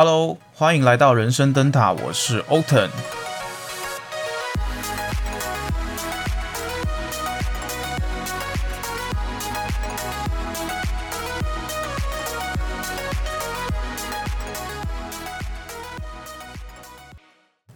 Hello，歡迎來到人生燈塔，我是 Otan。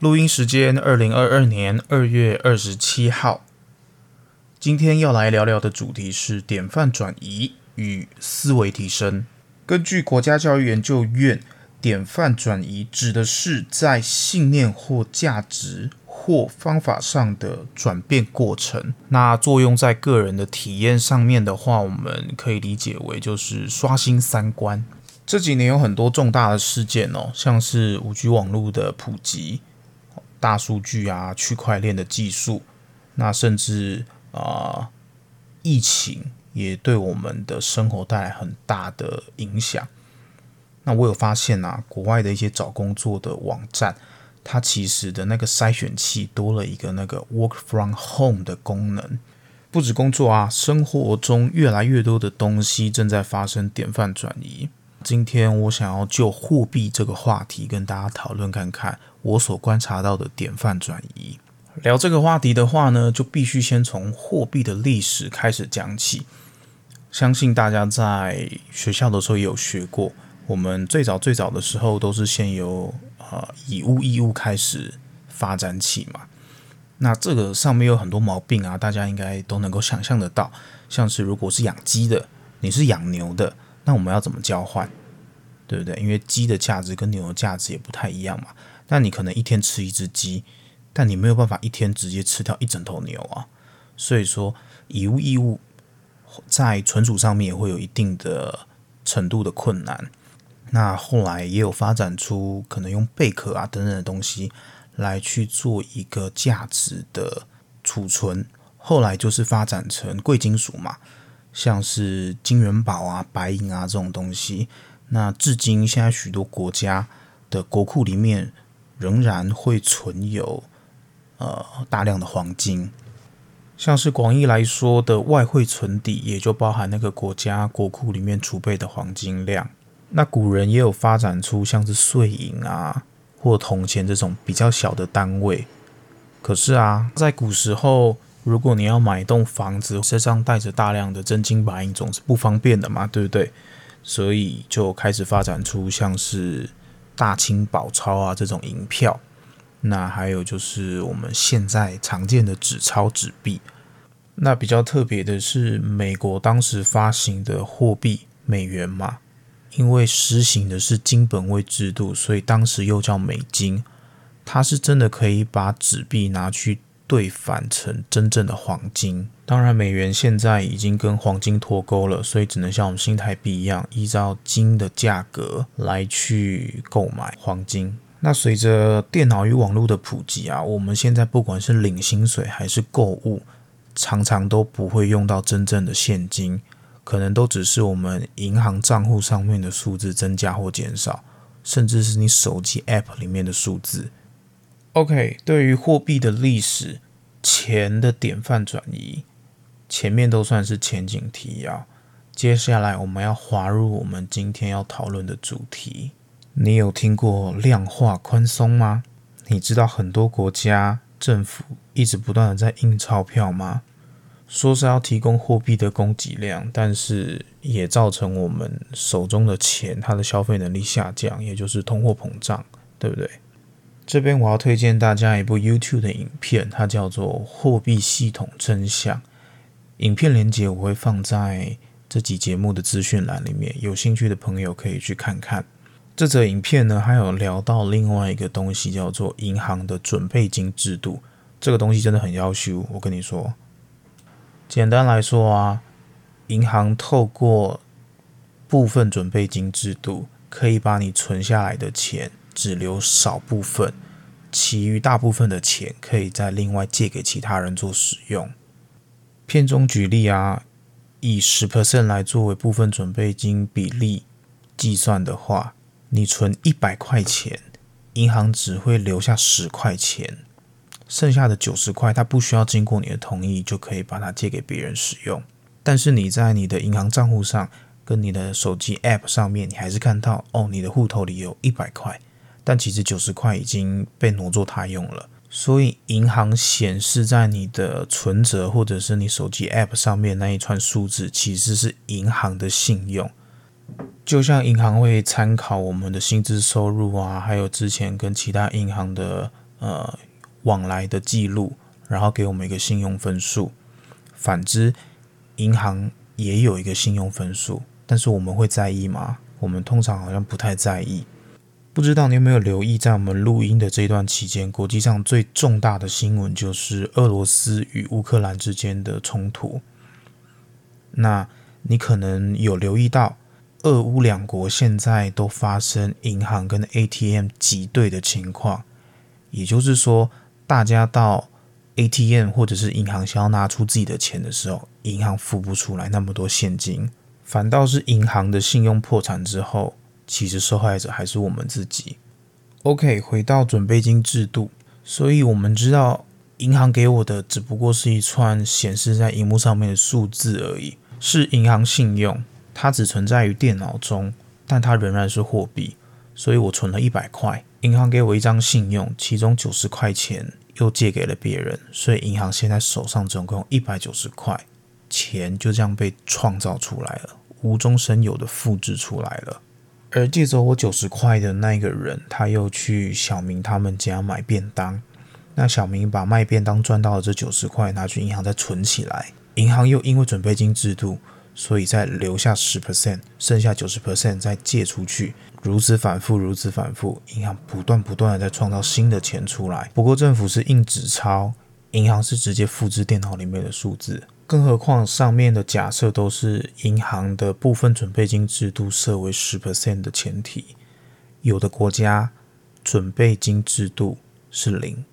錄音時間：二零二二年二月二十七號。今天要來聊聊的主題是典範轉移與思維提升。根據國家教育研究院。典範轉移指的是在信念或價值或方法上的轉變過程。那作用在個人的體驗上面的話，我們可以理解為就是刷新三觀。這幾年有很多重大的事件哦，像是五 G 網絡的普及、大數據啊、區塊鏈的技術，那甚至啊，呃，疫情也對我們的生活帶來很大的影響。那我有發現啊，國外的一些找工作的網站，它其實的那個篩選器多了一個那個 work from home 的功能。不只工作啊，生活中越來越多的東西正在發生典範轉移。今天我想要就貨幣這個話題跟大家討論看看我所觀察到的典範轉移。聊這個話題的話呢，就必須先從貨幣的歷史開始講起。相信大家在學校的時候也有學過。我們最早最早的時候都是先由呃以物易物開始發展起嘛，那這個上面有很多毛病啊，大家應該都能夠想象得到。像是如果是養雞的，你是養牛的，那我們要怎麼交換？對不對？因為雞的價值跟牛的價值也不太一樣嘛。但你可能一天吃一隻雞，但你沒有辦法一天直接吃掉一整頭牛啊。所以說，以物易物在存儲上面也會有一定的程度的困難。那後來也有發展出可能用貝殼啊等等的東西來去做一個價值的儲存。後來就是發展成貴金屬嘛，像是金元寶啊、白銀啊這種東西。那至今現在許多國家的國庫裡面仍然會存有呃大量的黃金。像是廣義來說的外匯存底，也就包含那個國家國庫裡面儲備的黃金量。那古人也有發展出像是碎銀啊或銅錢這種比較小的單位，可是啊，在古時候，如果你要買一棟房子，身上帶着大量的真金白銀總是不方便的嘛，對不對？所以就開始發展出像是大清寶鈔啊這種銀票，那還有就是我們現在常見的紙鈔、紙幣。那比較特別的是，美國當時發行的貨幣美元嘛。因為實行的是金本位制度，所以當時又叫美金。它是真的可以把紙幣拿去兌換成真正的黃金。當然，美元現在已經跟黃金脫鈎了，所以只能像我們新台幣一樣，依照金的價格來去購買黃金。那隨着電腦與網絡的普及啊，我們現在不管是領薪水還是購物，常常都不會用到真正的現金。可能都只是我們銀行賬戶上面的數字增加或減少，甚至是你手機 App 裡面的數字。OK，對於貨幣的歷史、錢的典範轉移，前面都算是前情提要。接下來我們要劃入我們今天要討論的主題。你有聽過量化寬鬆嗎？你知道很多國家政府一直不斷的在印鈔票嗎？說是要提供貨幣的供給量，但是也造成我們手中的錢它的消費能力下降，也就是通貨膨脹，對不對？這邊我要推薦大家一部 YouTube 的影片，它叫做《貨幣系統真相》。影片連接我會放在這集節目的資訊欄裡面，有興趣的朋友可以去看看。這則影片呢，還有聊到另外一個東西，叫做銀行的準備金制度。這個東西真的很要修，我跟你說。簡單來說啊，銀行透過部分準備金制度，可以把你存下來的錢只留少部分，其餘大部分的錢可以再另外借給其他人做使用。片中舉例啊，以十 percent 來作為部分準備金比例計算的話，你存一百塊錢，銀行只會留下十塊錢。剩下的九十塊，它不需要經過你的同意就可以把它借給別人使用。但是你在你的銀行賬戶上跟你的手機 APP 上面，你還是看到哦，你的戶頭裡有一百塊，但其實九十塊已經被挪作他用了。所以銀行顯示在你的存折或者是你手機 APP 上面那一串數字，其實是銀行的信用。就像銀行會參考我們的薪資收入啊，還有之前跟其他銀行的呃。往來的記錄，然後給我們一個信用分數。反之，銀行也有一個信用分數，但是我們會在意嗎？我們通常好像不太在意。不知道你有沒有留意，在我們錄音的這段期間，國際上最重大的新聞就是俄羅斯與烏克蘭之間的衝突。那你可能有留意到，俄烏兩國現在都發生銀行跟 ATM 擠兌的情況，也就是說。大家到 ATM 或者是銀行想要拿出自己的錢的時候，銀行付不出來那麼多現金，反倒是銀行的信用破產之後，其實受害者還是我們自己。OK，回到準備金制度，所以我們知道銀行給我的只不過是一串顯示在螢幕上面的數字而已，是銀行信用，它只存在於電腦中，但它仍然是貨幣，所以我存了一百塊。銀行給我一張信用，其中九十塊錢又借給了別人，所以銀行現在手上總共一百九十塊錢，就這樣被創造出來了，無中生有的複製出來了。而借走我九十塊的那個人，他又去小明他們家買便當，那小明把賣便當賺到的這九十塊拿去銀行再存起來，銀行又因為準備金制度。所以再留下十 percent，剩下九十 percent 再借出去，如此反覆如此反覆銀行不斷不斷的在創造新的錢出來。不過政府是印紙鈔，銀行是直接複製電腦裡面的數字。更何況上面的假設都是銀行的部分準備金制度設為十 percent 的前提，有的國家準備金制度是零。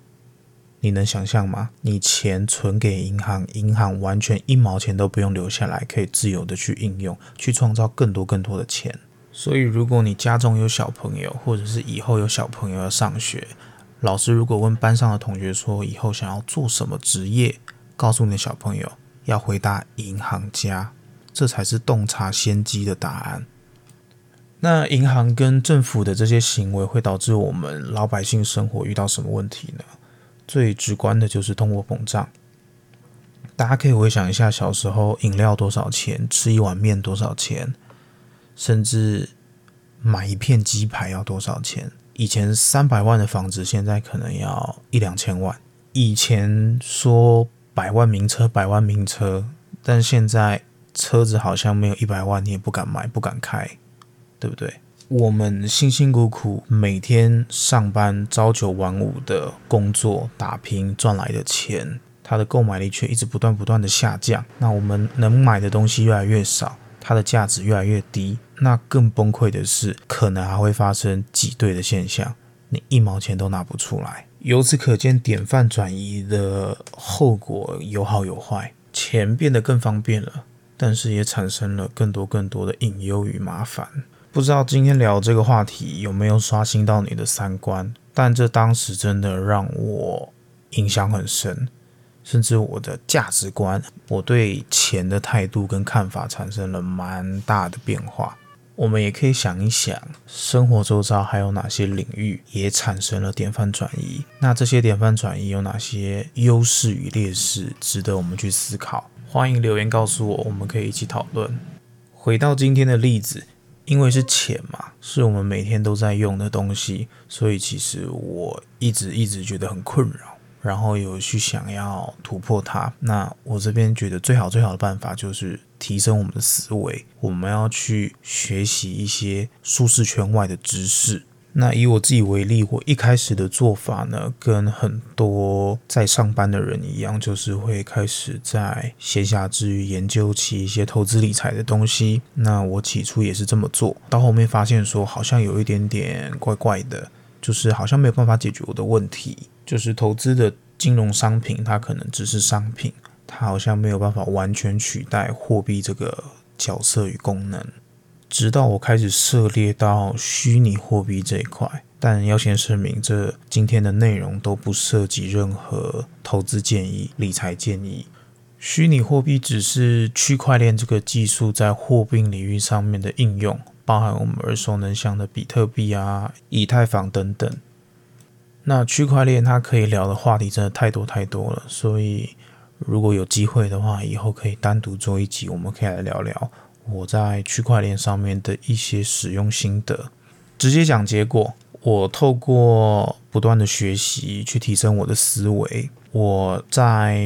你能想象嗎？你錢存給銀行，銀行完全一毛錢都不用留下來，可以自由的去應用，去創造更多更多的錢。所以，如果你家中有小朋友，或者是以後有小朋友要上學，老師如果問班上的同學說以後想要做什麼職業，告訴你的小朋友要回答銀行家，這才是洞察先機的答案。那銀行跟政府的這些行為會導致我們老百姓生活遇到什麼問題呢？最直觀的就是通貨膨脹，大家可以回想一下小時候飲料多少錢，吃一碗麵多少錢，甚至買一片雞排要多少錢。以前三百萬的房子，現在可能要一兩千萬。以前說百萬名車，百萬名車，但現在車子好像沒有一百萬，你也不敢買，不敢開，對不對？我們辛辛苦苦每天上班朝九晚五的工作打拼賺來的錢，它的購買力卻一直不斷不斷的下降。那我們能買的東西越來越少，它的價值越來越低。那更崩潰的是，可能還會發生擠兌的現象，你一毛錢都拿不出來。由此可見，典範轉移的後果有好有壞。錢變得更方便了，但是也產生了更多更多的隱憂與麻煩。不知道今天聊這個話題有沒有刷新到你的三觀，但這當時真的讓我印象很深，甚至我的價值觀、我對錢的態度跟看法產生了蠻大的變化。我們也可以想一想，生活周遭還有哪些領域也產生了典範轉移？那這些典範轉移有哪些優勢與劣勢，值得我們去思考？歡迎留言告訴我，我們可以一起討論。回到今天的例子。因為是錢嘛，是我們每天都在用的東西，所以其實我一直一直覺得很困擾，然後有去想要突破它。那我這邊覺得最好最好的辦法就是提升我們的思維，我們要去學習一些舒適圈外的知識。那以我自己為例，我一開始的做法呢，跟很多在上班的人一樣，就是會開始在閒暇之餘研究起一些投資理財的東西。那我起初也是這麼做，到後面發現說，好像有一點點怪怪的，就是好像沒有辦法解決我的問題。就是投資的金融商品，它可能只是商品，它好像沒有辦法完全取代貨幣這個角色與功能。直到我開始涉獵到虛擬貨幣這一塊，但要先聲明，這今天的內容都不涉及任何投資建議、理財建議。虛擬貨幣只是區塊鏈這個技術在貨幣領域上面的應用，包含我們耳熟能詳的比特幣啊、以太坊等等。那區塊鏈它可以聊的話題真的太多太多了，所以如果有機會的話，以後可以單獨做一集，我們可以來聊聊我在區塊鏈上面的一些使用心得，直接講結果。我透過不斷的學習去提升我的思維。我在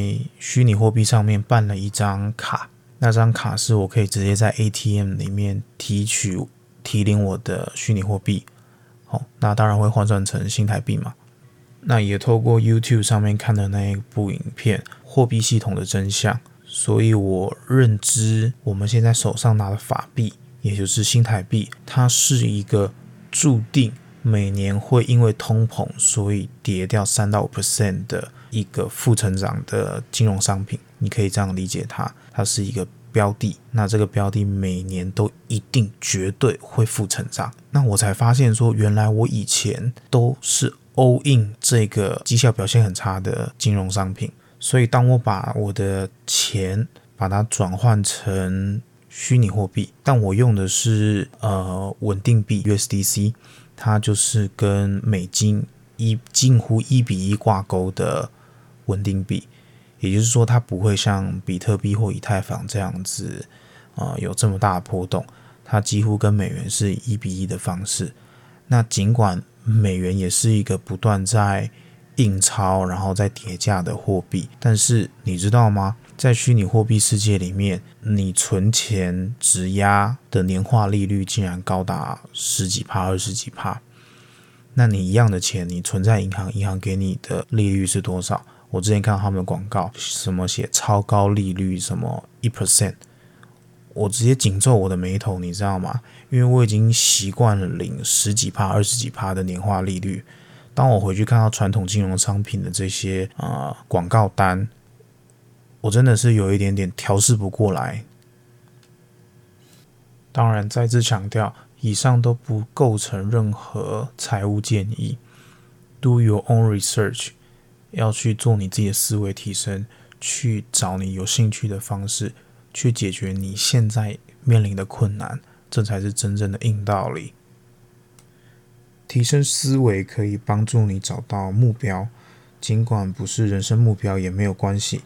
虛擬貨幣上面辦了一張卡，那張卡是我可以直接在 ATM 裡面提取，提領我的虛擬貨幣。哦，那當然會換算成新台幣嘛。那也透過 YouTube 上面看的那一部影片《貨幣系統的真相》。所以，我認知我們現在手上拿的法幣，也就是新台幣，它是一個註定每年會因為通膨，所以跌掉三到五 percent 的一個負成長的金融商品。你可以這樣理解它，它是一個標的。那這個標的每年都一定絕對會負成長。那我才發現說，原來我以前都是 all in 這個績效表現很差的金融商品。所以，當我把我的錢把它轉換成虛擬貨幣，但我用的是呃穩定幣 USDC，它就是跟美金一近乎一比一掛鈎的穩定幣，也就是說，它不會像比特幣或以太坊這樣子啊、呃、有這麼大的波動，它幾乎跟美元是一比一的方式。那儘管美元也是一個不斷在印鈔然後再疊加的貨幣，但是你知道嗎？在虛擬貨幣世界裡面，你存錢、質押的年化利率竟然高達十幾趴、二十幾趴。那你一樣的錢，你存在銀行，銀行給你的利率是多少？我之前看到他們的廣告，什麼寫超高利率，什麼一 percent，我直接緊皺我的眉頭，你知道嗎？因為我已經習慣了領十幾趴、二十幾趴的年化利率。當我回去看到傳統金融商品的這些啊、呃、廣告單，我真的是有一點點調試不過來。當然，再次強調，以上都不構成任何財務建議。Do your own research，要去做你自己的思維提升，去找你有興趣的方式，去解決你現在面臨的困難，這才是真正的硬道理。提升思維可以幫助你找到目標，儘管不是人生目標也沒有關係，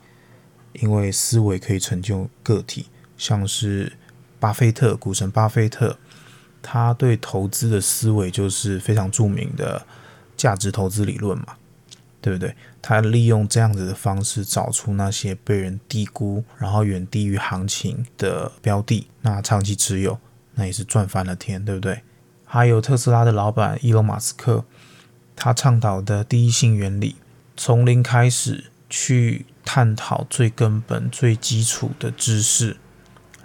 因為思維可以成就個體。像是巴菲特，股神巴菲特，他對投資的思維就是非常著名的價值投資理論嘛，對不對？他利用這樣子的方式找出那些被人低估，然後遠低於行情的標的，那長期持有，那也是賺翻了天，對不對？還有特斯拉的老板伊隆馬斯克，他倡導的第一性原理，從零開始去探討最根本、最基礎的知識，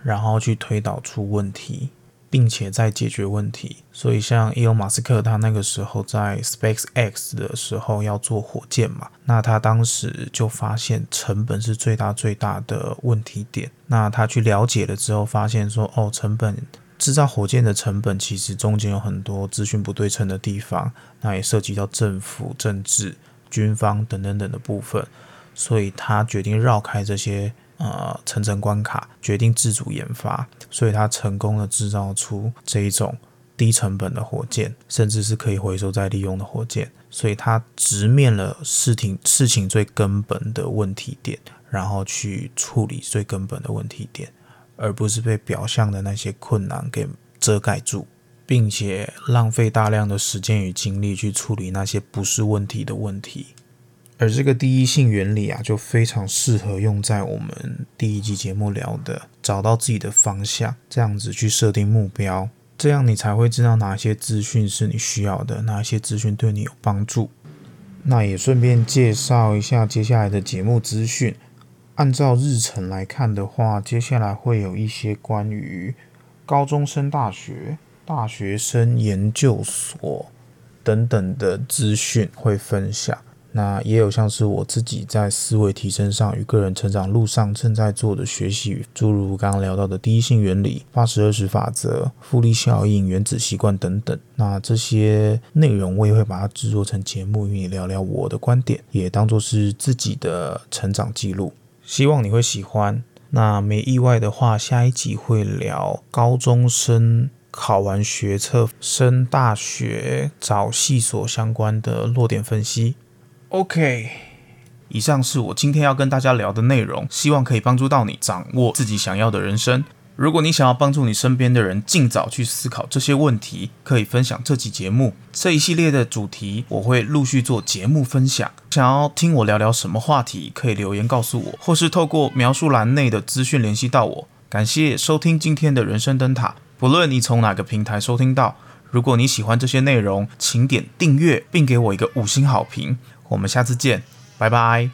然後去推導出問題，並且在解決問題。所以，像伊隆馬斯克他那個時候在 Space X 的時候要做火箭嘛，那他當時就發現成本是最大最大的問題點。那他去了解了之後，發現說哦，成本。製造火箭的成本其實中間有很多資訊不對稱的地方，那也涉及到政府、政治、軍方等等等等的部分，所以他決定繞開這些呃層層關卡，決定自主研發，所以他成功的製造出這一種低成本的火箭，甚至是可以回收再利用的火箭，所以他直面了事情事情最根本的問題點，然後去處理最根本的問題點。而不是被表象的那些困難給遮蓋住，並且浪費大量的時間與精力去處理那些不是問題的問題。而這個第一性原理啊，就非常適合用在我們第一集節目聊的，找到自己的方向，這樣子去設定目標，這樣你才會知道哪些資訊是你需要的，哪些資訊對你有幫助。那也順便介紹一下接下來的節目資訊。按照日程來看的話，接下來會有一些關於高中升大學、大學生、研究所等等的資訊會分享。那也有像是我自己在思維提升上與個人成長路上正在做的學習，諸如剛剛聊到的第一性原理、八十二十法則、複利效應、原子習慣等等。那這些內容我也會把它制作成節目，與你聊聊我的觀點，也當作是自己的成長記錄。希望你會喜歡。那沒意外的話，下一集會聊高中生考完學測升大學找系所相關的落點分析。OK，以上是我今天要跟大家聊的內容，希望可以幫助到你掌握自己想要的人生。如果你想要幫助你身邊的人盡早去思考這些問題，可以分享這期節目。這一系列的主題我會陸續做節目分享。想要聽我聊聊什麼話題，可以留言告訴我，或是透過描述欄內的資訊聯繫到我。感謝收聽今天的人生燈塔。不論你從哪個平台收聽到，如果你喜歡這些內容，請點訂閱並給我一個五星好評。我們下次見，拜拜。